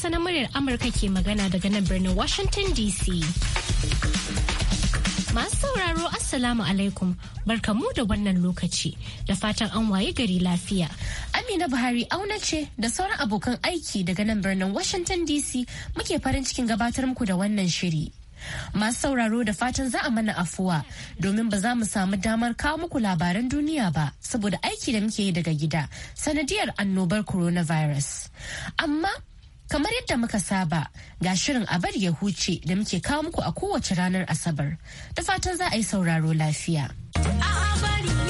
Hausa na muryar Amurka ke magana daga nan birnin Washington DC. Masu sauraro Assalamu alaikum barkamu da wannan lokaci da fatan an waye gari lafiya. Amina Buhari auna ce da sauran abokan aiki daga nan birnin Washington DC muke farin cikin gabatar muku da wannan shiri. Masu sauraro da fatan za a mana afuwa domin ba za mu samu damar kawo muku labaran duniya ba saboda aiki da muke yi daga gida sanadiyar annobar coronavirus. Amma Kamar yadda muka saba ga shirin a bari ya huce da muke kawo muku a kowace ranar Asabar. Da fatan za a yi sauraro lafiya. A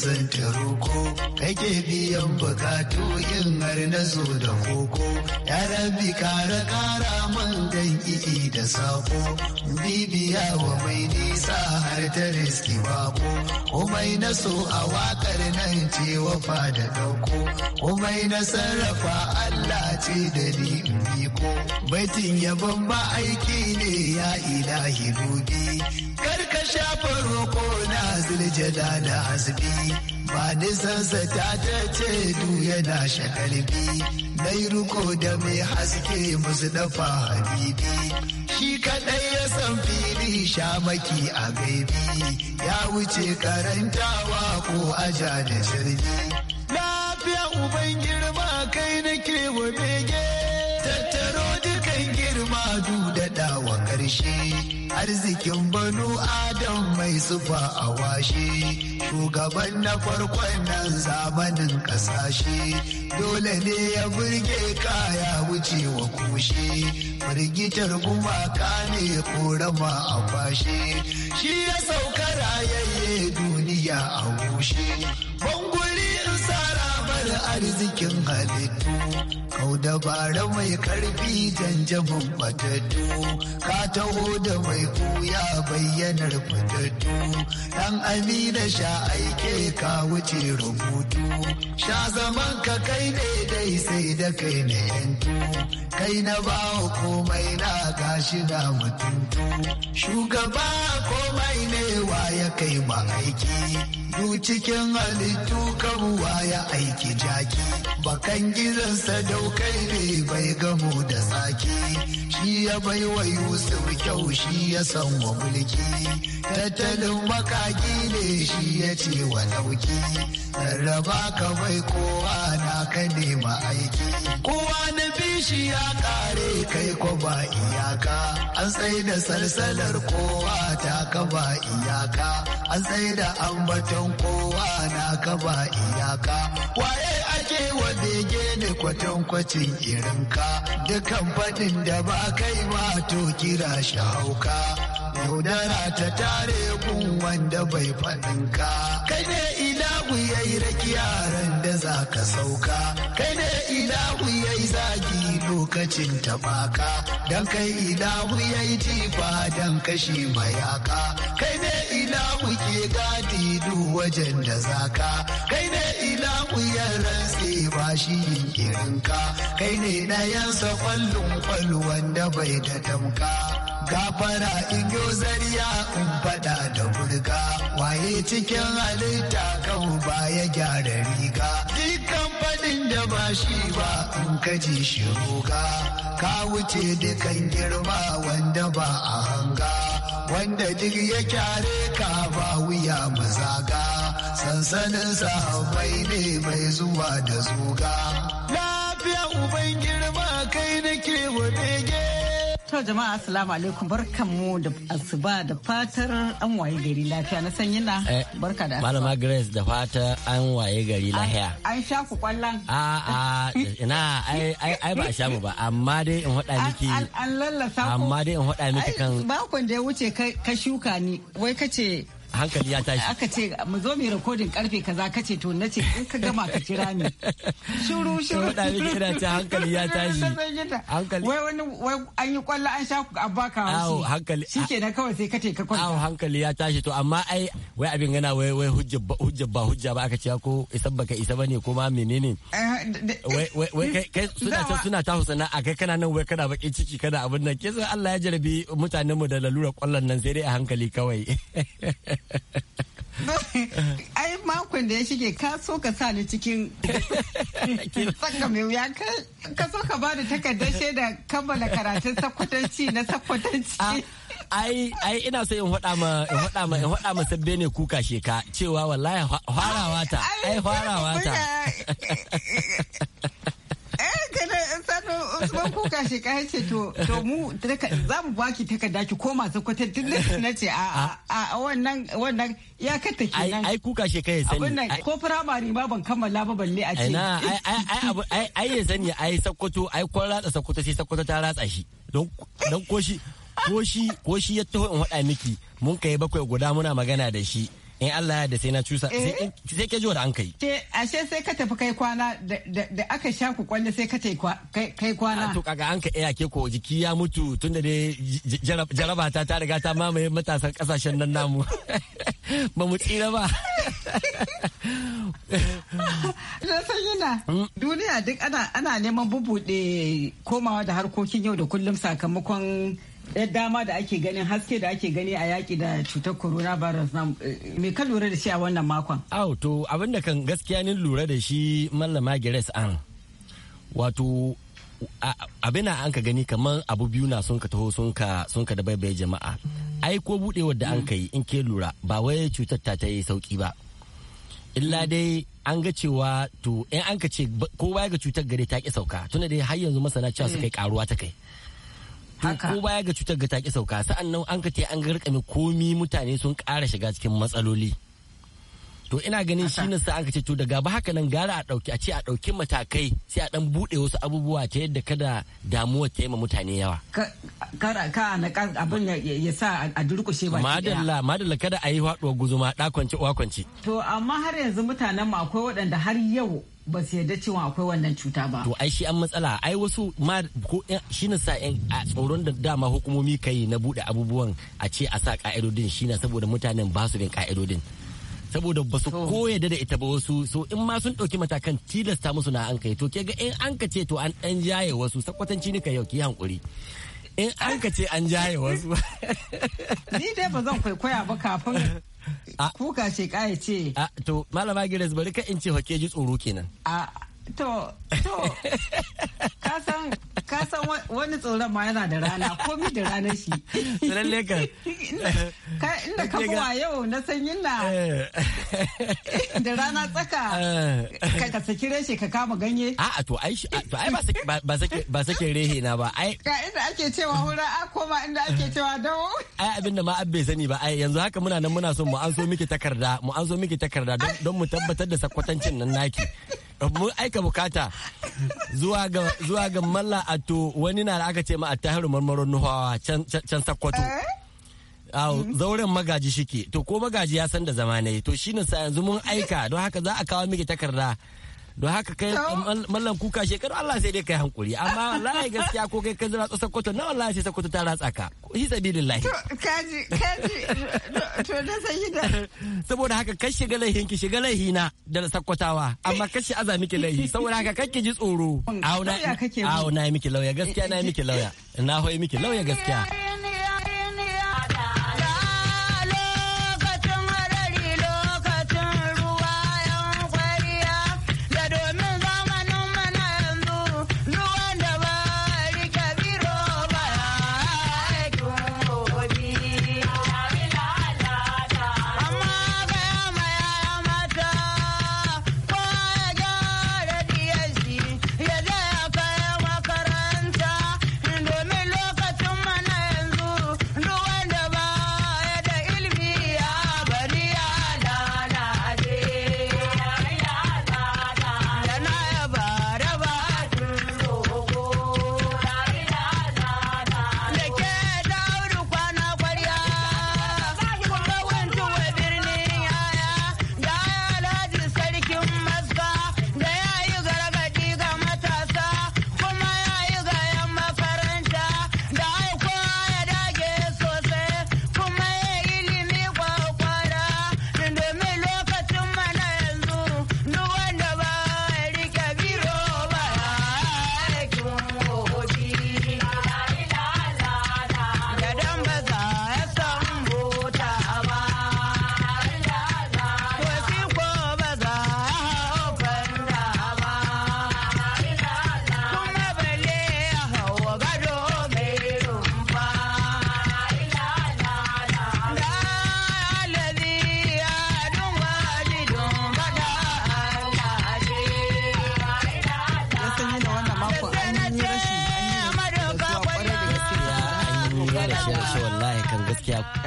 zanta roko kake biyan bukatu yin har na zo da koko ya rabi kara kara man dan iki da sako bibiya wa mai nisa har ta riski bako komai na so a wakar nan ce wafa da dauko komai na sarrafa Allah ce da ni in biko baitin yabon ba aiki ne ya ilahi dubi ta shafa roƙo na ziljada da hasbi ba nisansa ta ta ce du yana shakalbi mai ruko da mai haske musu dafa habibi shi kaɗai ya san fili shamaki a gaibi ya wuce karantawa ko aja da shirbi lafiya ubangiji arzikin banu adam mai sufa a washe shugaban na farkon nan zamanin kasashe dole ne ya burge kaya wuce wa kushe firgitar gumaka ne korama a fashe shi ya sauka rayayye duniya a bushe bangulin in arzikin halittu kau dabara mai karfi janjabin fatattu ka taho da mai kuya bayyanar fatattu dan amina sha aike ka wuce rubutu sha zaman ka kai ne dai sai da kai na yanku. kai na bawa komai na gashi na mutuntu shugaba komai ne wa ya kai ma aiki du cikin halittu wa ya aiki jaki bakan gizansa dau kai ne bai gamo da tsaki shi ya bai wa yusuf kyau shi ya san wa mulki tattalin makaki ne shi ya ce wa nauki Sarraba ka bai kowa na ka nema aiki. Kowa na bishi ya kare kai ko ba iyaka. An sai da salsalar kowa ta ka ba iyaka. An sai da ambaton kowa na ka ba iyaka. Waye ake wanda ya kwatankwacin irinka. Dukan faɗin da ba kai ma to kira shi hauka. yaudara ta tare gun wanda bai ka Kai ne ina ilahu yayi raki yaran da za ka sauka kai ne ilahu yayi zagi lokacin tabaka dan kai ilahu yayi tifa dan kashi mayaka kai ne ilahu ke gadi du wajen da zaka kai ne ilahu ya rantse ba shi yinkirinka kai ne ɗayansa kwallon kwal wanda bai da tamka gafara igyo zariya in fada da burga waye cikin halitta kan baya gyara riga dukkan fadin da ba shi ba in kaji shi roga ka wuce dukan girma wanda ba a hanga wanda duk ya kyare ka ba wuya mazaga sansanin sahabai ne mai zuwa da zuga lafiya uban girma kai nake wa bege To jama'a assalamu alaikum barkanmu da asuba da fatar an waye gari lafiya na san yana eh, barka da asuba. Malama Grace da fatar an waye gari lafiya. An sha ku kwallon. A a ina ai ai ba sha mu ba amma dai in hada miki. An lallasa ku. Amma dai in hada miki kan. Bakon da ya wuce ka shuka ni wai kace hankali ya tashi aka ce mu zo mu rikodin karfe kaza kace to na ce in ka gama ka kira ni shuru shiru da ni kira ta hankali ya tashi hankali wai wani wai an yi kwallo an sha ku abaka awo hankali shike na kawai sai ce ka kwanta awo hankali ya tashi to amma ai wai abin gana wai wai hujja ba hujja ba aka ce ko isa baka isa bane ko ma menene eh, wai wai kai suna ta suna ta husana a kai kana nan wai kana baki ciki kana abin nan ke Allah ya jarabi mutanen mu da lalura kwallon nan sai dai a hankali kawai ai makon da ya shige ka so ka sa ni cikin tsaka mai wuya ka so ka bada takardar shaida kammala karatun sakwatanci na sakwatanci ah, ai ai ina so in faɗa ma in faɗa ma in faɗa ma sabbe ne kuka sheka cewa wallahi farawa ta ai farawa ta sai na kuka ka ce to mu za mu baki takarda ki koma da na ce a a wannan wannan ya ai kuka shi kai sani nan ko firamare ma ban kammala ba balle a ce ai ai ai ya sani ai sakkwato ai ratsa sakkwato sai sakkwato ta ratsa shi don shi ko shi ko ya taho in wada miki mun kai bakwai guda muna magana da shi in Allah ya da sai na cusa sai eh? ke da an kai ke ashe sai ka tafi kai kwana da aka sha ku kwalli sai ka tafi kai kwana to kaga an ka iya ke ko jiki ya mutu tun dai jaraba ta ta riga ta mamaye matasan kasashen nan namu ba mu tsira ba na san yana hmm? duniya duk ana neman bubuɗe komawa da harkokin yau da kullum sakamakon dama da ake ganin haske da ake gani a yaki da cutar coronavirus na eh, me ka lura da shi a wannan makon aw to abinda kan gaskiya ni lura da shi mallama gires an wato abin da an ka gani kamar abu biyu na sun ka taho sun ka sun ka bai jama'a ai ko budewar da an kai in ke lura ba wai cutar ta ta yi sauki ba illa dai an ga cewa to in an ka ce kowa ga cutar gare ta ki sauka tunda dai har yanzu masana cewa su eh. kai karuwa ta kai haka ko baya ga cutar ga ta ki sauka sa'an nan an ka ce an ga rikami komi mutane sun ƙara shiga cikin matsaloli to ina ganin shi ne sa ka ce to daga ba haka nan gara a dauki a ce a dauki matakai sai a dan bude wasu abubuwa ta yadda kada damuwa ta ma mutane yawa kara ka na kan abin ya sa a durkushe ba. madalla madalla kada a yi haduwar guzuma ɗakwanci uwa kwanci to amma har yanzu mutanen mu akwai waɗanda har yau ba su yarda cewa akwai wannan cuta ba. To ai shi an matsala ai wasu ma ko shi na sa yan a tsoron da dama hukumomi kai na bude abubuwan a ce a sa ka'idodin shi na saboda mutanen ba su bin ka'idodin. saboda ba su koya da ita ba wasu so in ma sun ɗauki matakan tilasta musu na an kai to ke ga in an ka ce to an ɗan jaye wasu sakwatanci ne ka yau ki hankuri in an ka ce an jaye wasu ni dai ba zan kwaikwaya ba kafin kuka ce kaya ce to malama gires bari ka in ce hake ji tsoro kenan a To, to, ka san wani tsoron ma yana da rana, komi da ranar shi. Tsoron ka. Inda ka buwa yau na sanyin na eh. da rana tsaka eh. ka saki reshe ka kama ganye. A'a to ai ba sake rehe na ba. Ka inda ake cewa wurin a koma inda ake cewa dawo. Ai abin da ma abbe bai sani ba ai yanzu haka muna nan muna son mu an so miki takarda mu an so miki takarda don mu tabbatar da sakwatancin nan naki. mun aika bukata zuwa ga zuwa ga malla wani na da aka ce ma a tahiru marmaron nuhawa can can sakkwato eh? zauren magaji shike to ko magaji ya san da zama ne to shine sa yanzu mun aika don haka za a kawo miki takarda don haka kai mallan kuka shekaru Allah sai dai kai hankuri amma wallahi gaskiya ko kai ka jira sokoto na wallahi sai sokoto ta ratsa ka shi sabilillahi kaji kaji to da sai da saboda haka kai shiga laihin ki shiga laihi na da sakkwatawa amma kai shi azami ki laihi saboda haka kai ki ji tsoro auna auna miki lauya gaskiya na miki lauya na hoye miki lauya gaskiya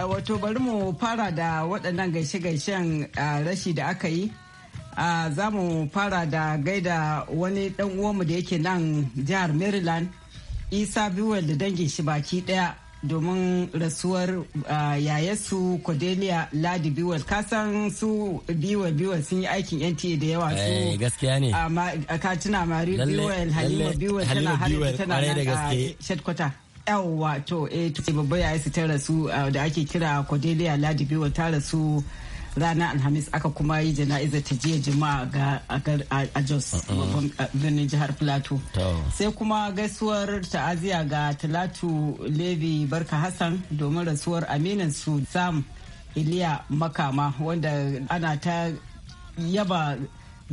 Eh, wato bari mu fara da waɗannan gaishe-gaishen eh, rashi da aka yi eh, za mu fara da gaida wani ɗan uwanmu da yake nan jihar maryland isa biwel da dangin shi baki ɗaya domin rasuwar yayasu cordelia ladi biwel kasan su biwel biwel sun yi aikin nta da yawa su gaskiya ne ah, a katina mari biwel halima biwel tana harin tana nan a shedkwata yawwa wato eh babba ya su ta rasu eh, da ake kira cordelia ladibewa ta rasu ranar alhamis aka kuma yi jana'izar ta jiya juma'a a jos eh, birnin jihar plateau sai kuma gaisuwar ta'aziya ga talatu levi barka hassan domin rasuwar aminan su sam iliya makama wanda ana ta yaba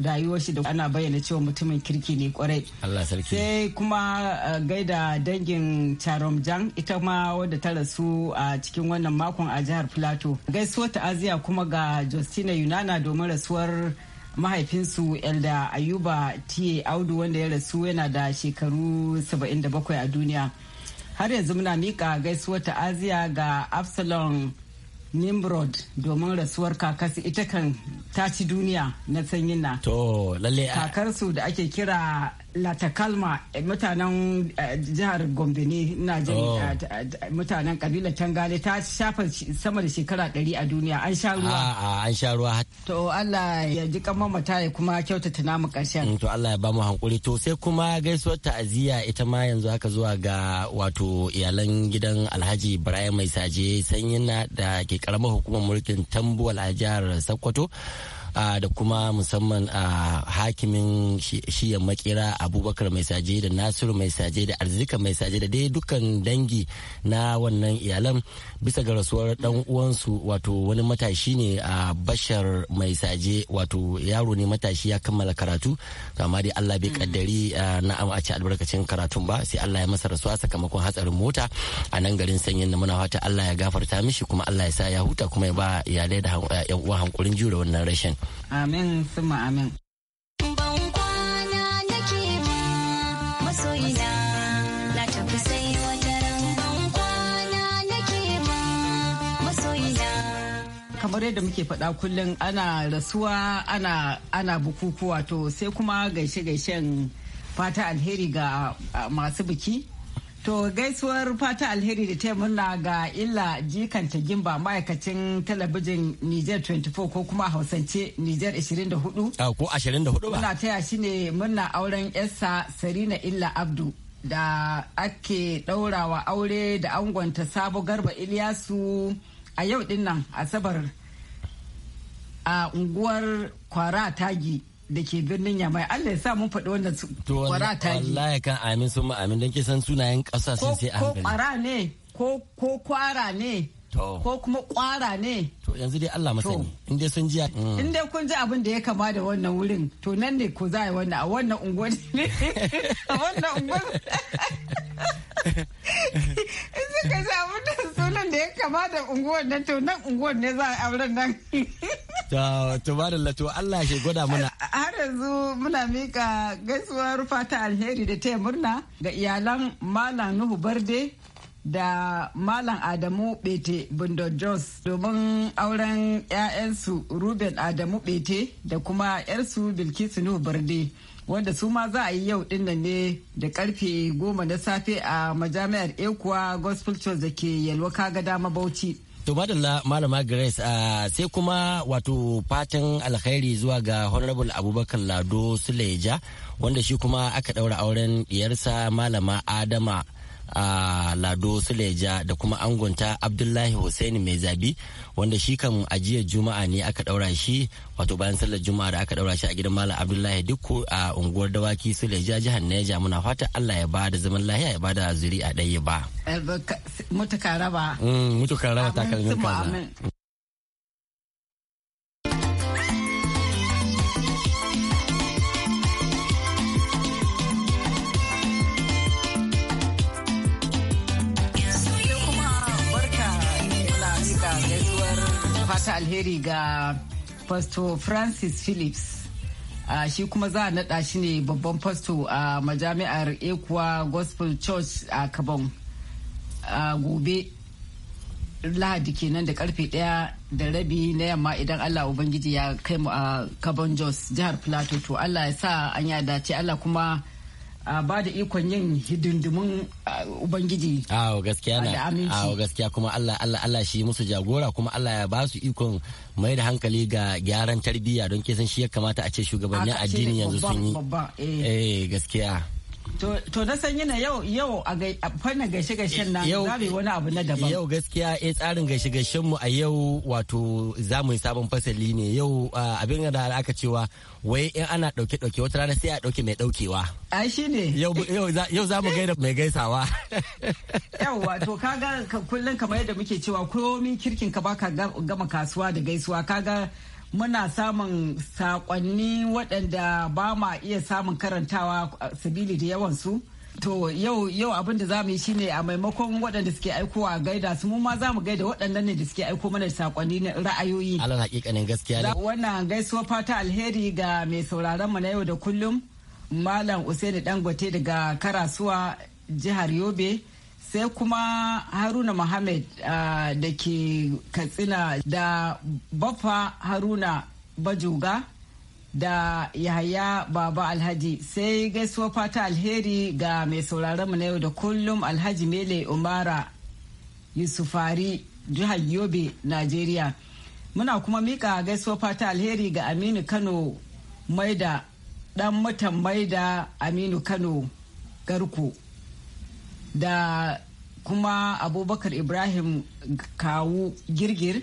rayuwar shi da ana bayyana cewa mutumin kirki ne kwarai Allah sarki sai kuma eh, gaida dangin Charomjang ita ma wadda ta rasu a cikin wannan makon a jihar Plateau gaisuwar ta'aziya kuma ga Justina Yunana domin rasuwar mahaifinsu Elda Ayuba T.A. Audu wanda ya rasu yana da shekaru 77 a duniya har yanzu muna miƙa gaisuwar ta'aziya ga Absalom nimrod domin rasuwar kakarsu ita kan ta ci duniya na sanyin na to lalle kakarsu da ake kira latakalma eh, mutanen eh, jihar gombe ne na oh. eh, mutanen kabilar tangale ta shafa sama da shekara ɗari a duniya an sha ruwa an sha ruwa to Allah ya ji kamar mata ya kuma kyautata namu karshen mm, to Allah ya ba mu hankuri to sai kuma gaisuwar ta'aziyya ita ma yanzu haka zuwa ga wato iyalan gidan Alhaji Ibrahim Mai Saje na da ke karamar hukumar mulkin Tambuwal a jihar Sokoto da kuma musamman a hakimin shiyan makera abubakar mai saje da nasiru mai saje da arzika mai saje da dai dukkan dangi na wannan iyalan bisa ga rasuwar dan uwansu wato wani matashi ne a bashar mai saje wato yaro ne matashi ya kammala karatu amma dai Allah bai mm. kaddari na a ci albarkacin karatun ba sai Allah ya masa rasuwa sakamakon hatsarin mota a nan garin sanyin na muna fata Allah ya gafarta mishi kuma Allah ya sa ya huta kuma ya ba iyalai da yan uwa jiyu jure wannan rashin Amin suma amin. kamar yadda muke faɗa kullum ana rasuwa ana ana bukukuwa to sai kuma gaishe-gaishen fata alheri ga masu biki To gaisuwar fata alheri da ta murna ga illa jikanta gimba ma'aikacin talabijin Niger 24 ko kuma hausance Niger 24. A ko 24 ba. Muna taya shi ne murna auren yarsa Sarina Illa Abdu da ake ɗaurawa aure da angonta Sabo Garba Iliyasu a yau dinnan Asabar a unguwar Kwara Tagi. da ke birnin yamai Allah ya sa mun faɗi wannan su. kwara ta yi. Wallahi kan amin sun ma'amin amin don san sunayen ƙasa sun sai an Ko ƙwara ne ko kwara ne ko kuma kwara ne. To yanzu dai Allah masani in dai sun jiya. Mm. In dai kun ji abin da ya kama da wannan wurin to nan ne ko za a yi wannan a wannan unguwar ne a wannan unguwar. In suka ji abin da sunan da ya kama da unguwar nan to nan unguwar ne za a yi auren nan. To ba da Allah ke gwada mana har yanzu muna mika gaisuwar fata alheri da taya murna ga iyalan Malam Nuhu Barde da Malam Adamu Bete bundo Jos domin auren 'ya'yansu Ruben Adamu Bete da kuma 'yarsu Bilkisu Nuhu Barde. wanda su ma za a yi yau dinnan ne da karfe goma na safe a majami'ar ekuwa gospel church da ke yalwa kaga dama bauchi To madalla malama Grace sai kuma wato fatan alkhairi zuwa ga Honorable Abubakar Lado Suleja wanda shi kuma aka daura auren diyarsa malama Adama a lado suleja da kuma angonta abdullahi Hussaini mai zabi wanda shi kan ajiyar juma'a ne aka daura shi wato bayan sallar juma'a da aka daura shi a gidan malam abdullahi dukku a unguwar dawaki suleja jihar neja muna fata allah ya ba da zaman lahiya ya ba da a ɗaya ba mutuka raba mm, alheri ga Pastor Francis Phillips. Uh, shi kuma za a naɗa shi ne babban fasto a uh, majami'ar ekuwa gospel church a uh, kabon gobe lahadi kenan da karfe daya da rabi na yamma idan allah ubangiji ya kai mu a kabon jos jihar plateau to allah ya sa an ya dace allah kuma a ba da ikon yin hidindimin ubangiji awo gaskiya na awo gaskiya kuma Allah Allah Allah shi musu jagora kuma Allah ya ba su ikon mai da hankali ga gyaran tarbiyya don kesan shi ya kamata a ce shugabannin addini yanzu sun yi eh. eh gaskiya To na san yana yau yau a fannin gaishe gaishen nan zabi wani abu na daban. Yau gaskiya a eh, tsarin gaishe gaishen mu a yau wato zamu sabon fasali ne yau abin da aka cewa wai in ana dauke dauke wata rana sai a dauke mai daukewa. Ai shi Yau yau za mu gaida mai gaisawa. Yau wato kaga kullun kamar yadda muke cewa komi kirkin ka baka gama kasuwa da gaisuwa kaga muna samun sakonni waɗanda ba ma iya samun karantawa sabili da yawansu to yau yau abin da zamu yi shine a maimakon waɗanda suke aikowa gaida su mu ma zamu gaida waɗannan ne da suke aiko mana sakonni na ra'ayoyi alal hakikanin gaskiya ne wannan gaisuwa fata alheri ga mai sauraron mu na yau da kullum malam Usaini Dangote daga Karasuwa jihar Yobe sai kuma haruna mohammed ah, da ke katsina da bafa haruna bajuga da yahaya baba alhaji sai gaisuwa fata alheri ga mai mu na yau da kullum alhaji mele umara yusufari jihar yobe nigeria muna kuma mika gaisuwa fata alheri ga aminu kano maida dan mutan maida aminu kano garku da kuma abubakar ibrahim kawu girgir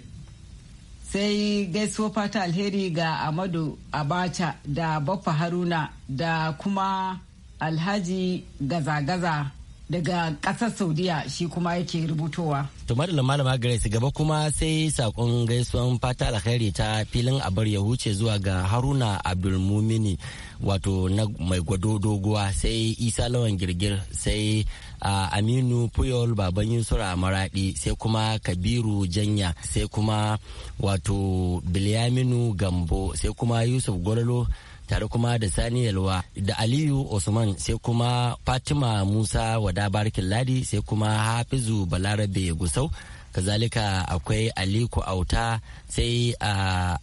sai gaisuwa fata alheri ga amadu abacha da baffa haruna da kuma alhaji gaza-gaza daga kasar saudiya shi kuma yake rubutowa to madalla malama grace gaba kuma sai sakon gaisuwan fata alheri ta filin abar ya huce zuwa ga haruna abdulmumini wato na mai gwado doguwa sai isa lawan girgir sai uh, aminu puyol baban yusura maradi sai kuma kabiru janya sai kuma wato bilyaminu gambo sai kuma yusuf gwalolo tare kuma da sani yalwa da aliyu usman sai kuma fatima musa wada barkin ladi sai kuma hafizu balarabe gusau kazalika akwai aliko auta sai a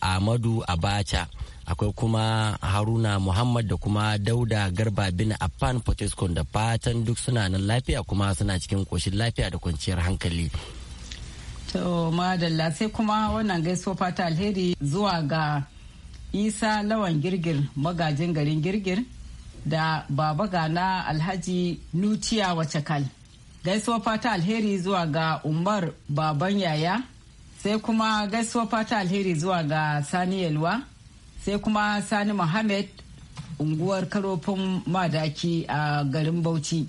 amadu abacha akwai kuma haruna muhammad da kuma dauda garba bin affan potescon da fatan duk suna nan lafiya kuma suna cikin koshin lafiya da kwanciyar hankali to madalla sai kuma wannan gaisuwa fata alheri zuwa ga isa lawan girgir magajin garin girgir da baba gana alhaji nutiya wacakal gaisuwa fata alheri zuwa ga umar baban yaya sai kuma gaisuwar fata alheri zuwa ga sani yalwa sai kuma sani muhammad unguwar karofin madaki a garin bauchi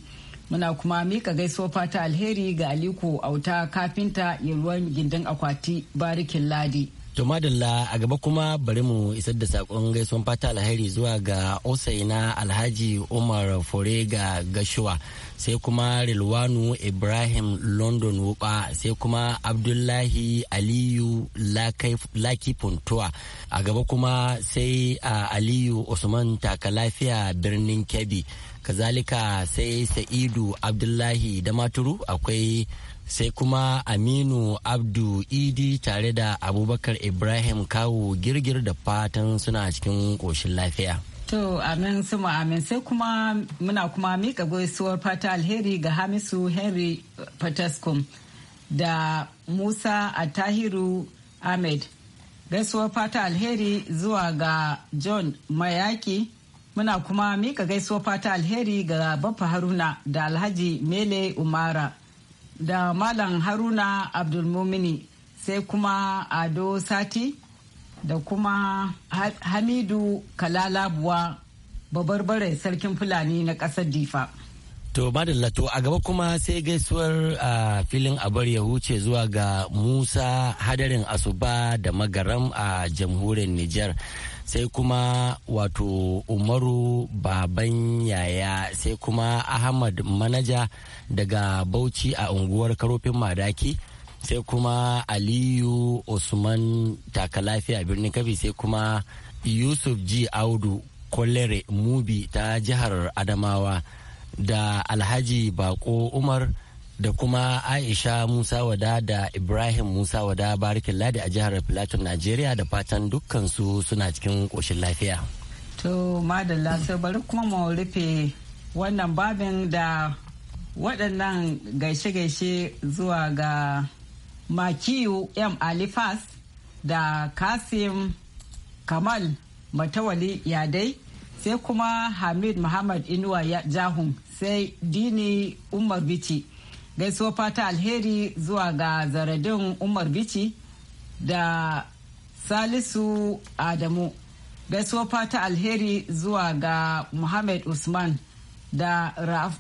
muna kuma mika gaisuwa fata alheri ga aliko auta kafinta yalwan gindin akwati barikin ladi To madalla a gaba kuma bari mu isar da sakon gaisuwan fata alheri zuwa ga Usaina Alhaji Umar ga Gashuwa sai kuma Rilwanu Ibrahim London Wuba sai kuma Abdullahi Aliyu Laki Puntuwa a gaba kuma sai Aliyu Usman taka lafiya birnin Kebbi kazalika sai Sa'idu Abdullahi Damaturu akwai sai kuma aminu abdu idi tare da abubakar ibrahim kawo girgir da fatan suna cikin koshin lafiya To amin suma amin sai kuma muna kuma mika gaisuwar fata alheri ga Hamisu Henry Pataskum da Musa Atahiru Ahmed. Gaisuwar fata alheri zuwa ga John Mayaki muna kuma mika gaisuwar fata alheri ga Baffa Haruna da Alhaji Mele Umara. da malam haruna abdulmumini sai kuma ado sati da kuma hamidu kalalabuwa babarbare sarkin fulani na ƙasar difa to madalla to a gaba kuma sai gaisuwar a filin abar ya huce zuwa ga musa hadarin asuba da magaram a jamhuriyar nijar sai kuma wato umaru baban yaya sai kuma ahmad manaja daga bauchi a unguwar karofin madaki sai kuma aliyu usman takalafi a birnin kafi sai kuma yusuf g audu kolere mubi ta jihar adamawa da alhaji bako umar da kuma aisha musa wada da ibrahim musa wada barikin ladi a jihar plateau nigeria da fatan dukkansu suna cikin koshin lafiya to madalla sai bari kuma mu rufe wannan babin da waɗannan gaishe-gaishe zuwa ga makiyu m alifas da kasim kamal matawali yadai sai kuma hamid muhammad inuwa jahun sai dini umar bici gaisuwa fata alheri zuwa ga zaradin umar bici da salisu adamu gaisuwa fata alheri zuwa ga muhammad usman da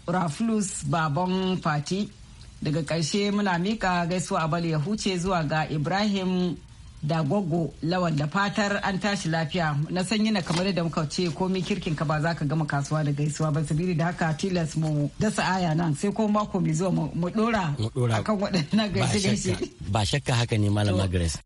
raflus baban fati daga ƙarshe muna miƙa gaisuwa abal ya huce zuwa ga ibrahim da gogo lawan da fatar an tashi lafiya na sanyi na kamar da muka ce komi kirkin ka ba za ka gama kasuwa da gaisuwa ba sabili da haka tilas mu dasa aya nan sai ko mako mai zuwa mu dora akan waɗannan gaishe ba shakka haka ne malama grace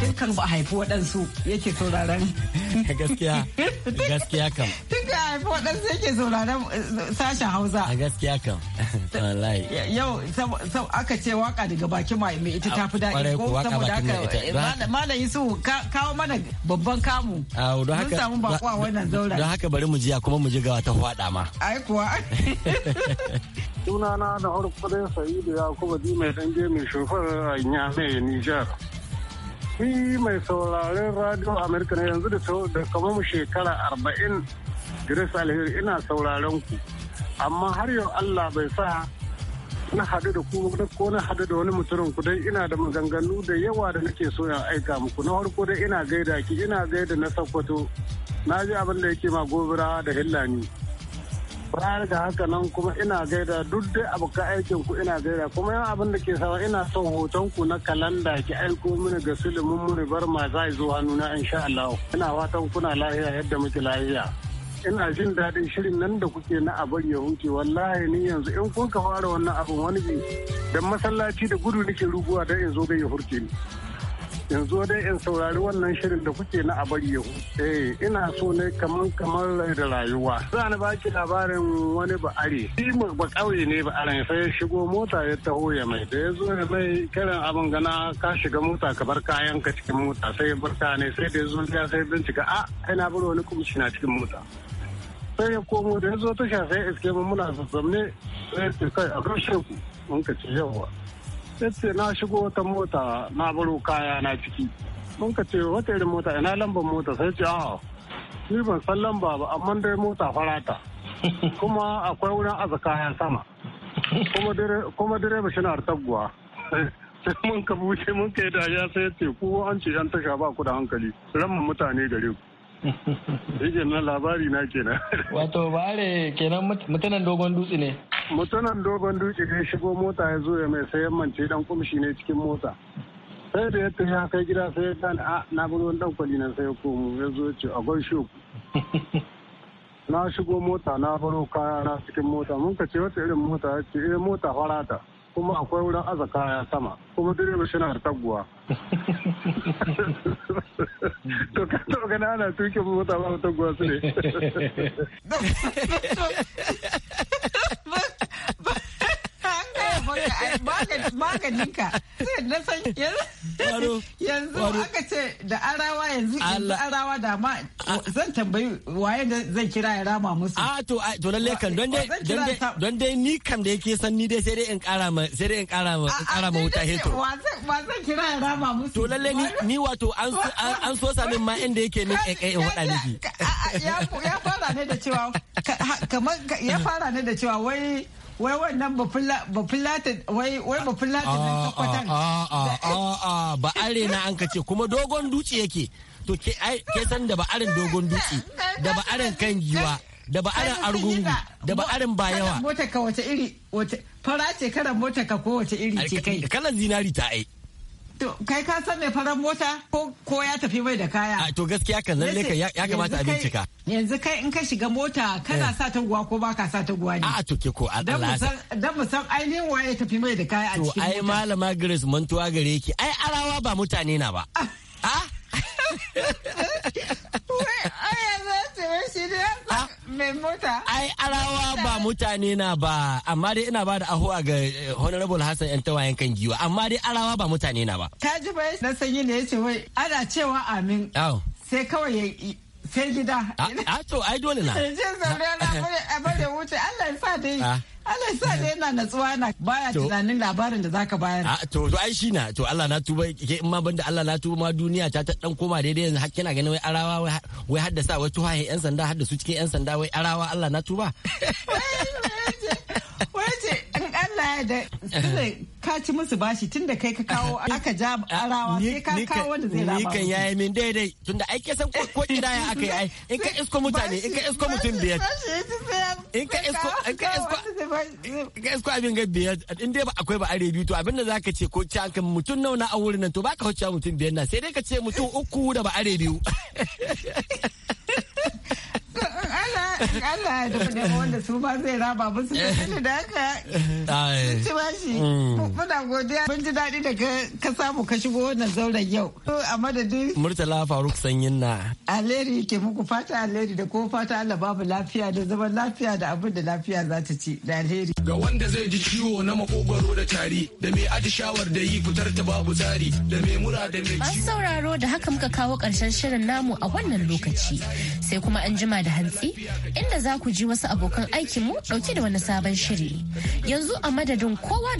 tun kan ba haifi waɗansu yake sauraron gaskiya gaskiya kan. tun kan haifi waɗansu yake sauraron eh, sashen hausa a gaskiya kam wallahi yau aka ce waka daga baki mai mai ita tafi daɗi ko saboda haka eh, malam su kawo mana babban kamu mun samu bakuwa wannan zauren don haka bari mu jiya kuma mu ji gawa ta hwada ma ai kuwa sunana da farko dai sa'idu ya kuma ji mai dange mai shofar a nyame nijar shi mai sauraren radio america na yanzu da kamar shekara arba'in grace alheri ina sauraren ku amma har yau allah bai sa na haɗu da ku ko na haɗu da wani mutumin ku dai ina da maganganu da yawa da nake so ya aika muku na farko dai ina gaida ki ina gaida na sokoto na ji abin da yake ma gobira da hillani baya ga haka nan kuma ina gaida duk dai ka aikin ku ina gaida kuma yan abin da ke sawa ina son hoton ku na kalanda ki aiko mini ga sulumin muri bar ma za zo na insha Allah ina watan kuna lafiya yadda muke lafiya ina jin daɗin shirin nan da kuke na a bari ya huce wallahi ni yanzu in kun ka fara wannan abin wani bi dan masallaci da gudu nake ruguwa dan in zo ga ya hurce ni yanzu dai in saurari wannan shirin da kuke na a bari yau eh ina so ne kamar kamar da rayuwa za ni baki labarin wani ba are shi ba kauye ne ba aran sai ya shigo mota ya taho ya mai da ya zo ya mai karin abin gana ka shiga mota ka bar kayan ka cikin mota sai ya bar ne sai da ya zo ya sai bincika a na bar wani kumshi na cikin mota sai ya komo da ya zo sha sai iske mun muna zazzamne sai ya ce kai a garshe ku mun ka ce yawa yace na shigo wata mota na baro kaya na ciki mun ka ce wata irin mota ina lambar mota sai ce a ni ban san lamba ba amma dai mota farata kuma akwai wurin aza kayan sama kuma direba shi na taguwa sai mun ka bushe mun kai dariya sai ce ko an ce yan tasha ba ku da hankali ramma mutane gare ku yake nan labari na kenan wato bare kenan mutanen dogon dutse ne mutumin dogon duki ne ya shigo mota ya zo ya mai sayan mance dan kumshi ne cikin mota sai da ya tafi ya kai gida sai ya gane a ah, na gudu wani kwali nan sai ya komo ya zo ce a gaishe na shigo mota na baro kaya na cikin mota mun ka ce wata irin mota ya ce eh mota farata kuma akwai wurin aza kaya sama kuma direba shi na da taguwa to ka taɓa gani ana tuki mota ba taguwa su ne aka sai na san yanzu aka ce da arawa yanzu da arawa da ma zan tambayi waye da zan kira ya rama musu a ah, to ah, to lalle kan don dai don dai ni kam da yake san ni dai sai dai in kara ma sai dai in kara ma in kara ma wuta heto wa zan kira ya rama musu to lalle ni ni wato an an so sa min ma inda yake min kai in wada miki ya fara ne da cewa kamar ya fara ne da cewa wai wai wannan bafulata wai wai bafulata nan takwatan a a a ba are na an kace kuma dogon dutse yake to ke san da ba arin dogon dutse da ba arin kan giwa da ba arin argungu da ba arin bayawa farace ka wace iri wace fara ce karan mota ka ko wace iri ce kai kalan zinari ta ai kai ka san mai farar mota ko ko ya tafi mai da kaya. A to gaskiya kan lalle ka ya kamata a bincika. Yanzu kai in ka shiga mota kana eh. sa ta guwa ko baka sa ta guwa ne. A to ke ko a Dan mu san ainihin waye tafi mai da kaya a cikin mota. To ai malama Grace mantuwa gare ki ai arawa ba mutane na ba. Ah mai mota ai arawa ba mutane na ba amma dai ina ba da ahuwa ga eh, honorable hassan yan tawayen kan giwa amma dai arawa ba mutane na ba ka ji bai na sanyi ne yace wai ana cewa amin sai kawai sai gida a to ai dole na sai zan rana bare wuce Allah ya sa dai ah. Allah sa da yana natsuwa na baya tunanin labarin da zaka bayar. Ah, to to ai shi na to Allah na tuba ke in ma banda Allah na tuba ma duniya ta ta dan koma daidai yanzu kina ganin wai arawa wai haddasa wai tuha yan sanda haddasu cikin yan sanda wai arawa Allah na tuba. da ka ci musu bashi tun da kai ka kawo aka ja arawa sai ka kawo wanda zai raba. Ni ya yi min daidai tun da aike san ko ya aka yi ai in ka isko mutane in ka isko mutum biyar. In ka isko in ka isko in ka isko abin ga biyar in dai ba akwai ba are biyu to abin da zaka ce ko ci an kan mutum nawa na a wurin nan to baka hocciya mutum biyar na sai dai ka ce mutum uku da ba are biyu. Allah ya tafi neman wanda su ba zai raba musu da da haka sun ci bashi mm. muna godiya mun ji daɗi da ka samu ka shigo wannan zauren yau a madadin Murtala Faruk Sanyin na Alheri ke muku fata alheri da ko fata Allah babu lafiya da zaman lafiya da abin da lafiya za ta ci da alheri ga wanda zai ji ciwo na makogwaro da tari da mai atishawar da yi fitar ta babu tsari da mai mura da mai ciwo sauraro da haka muka kawo ƙarshen shirin namu a wannan lokaci sai kuma an jima da hantsi inda za ku ji wasu abokan aikinmu ɗauke da wani sabon shiri. Yanzu a madadin kowa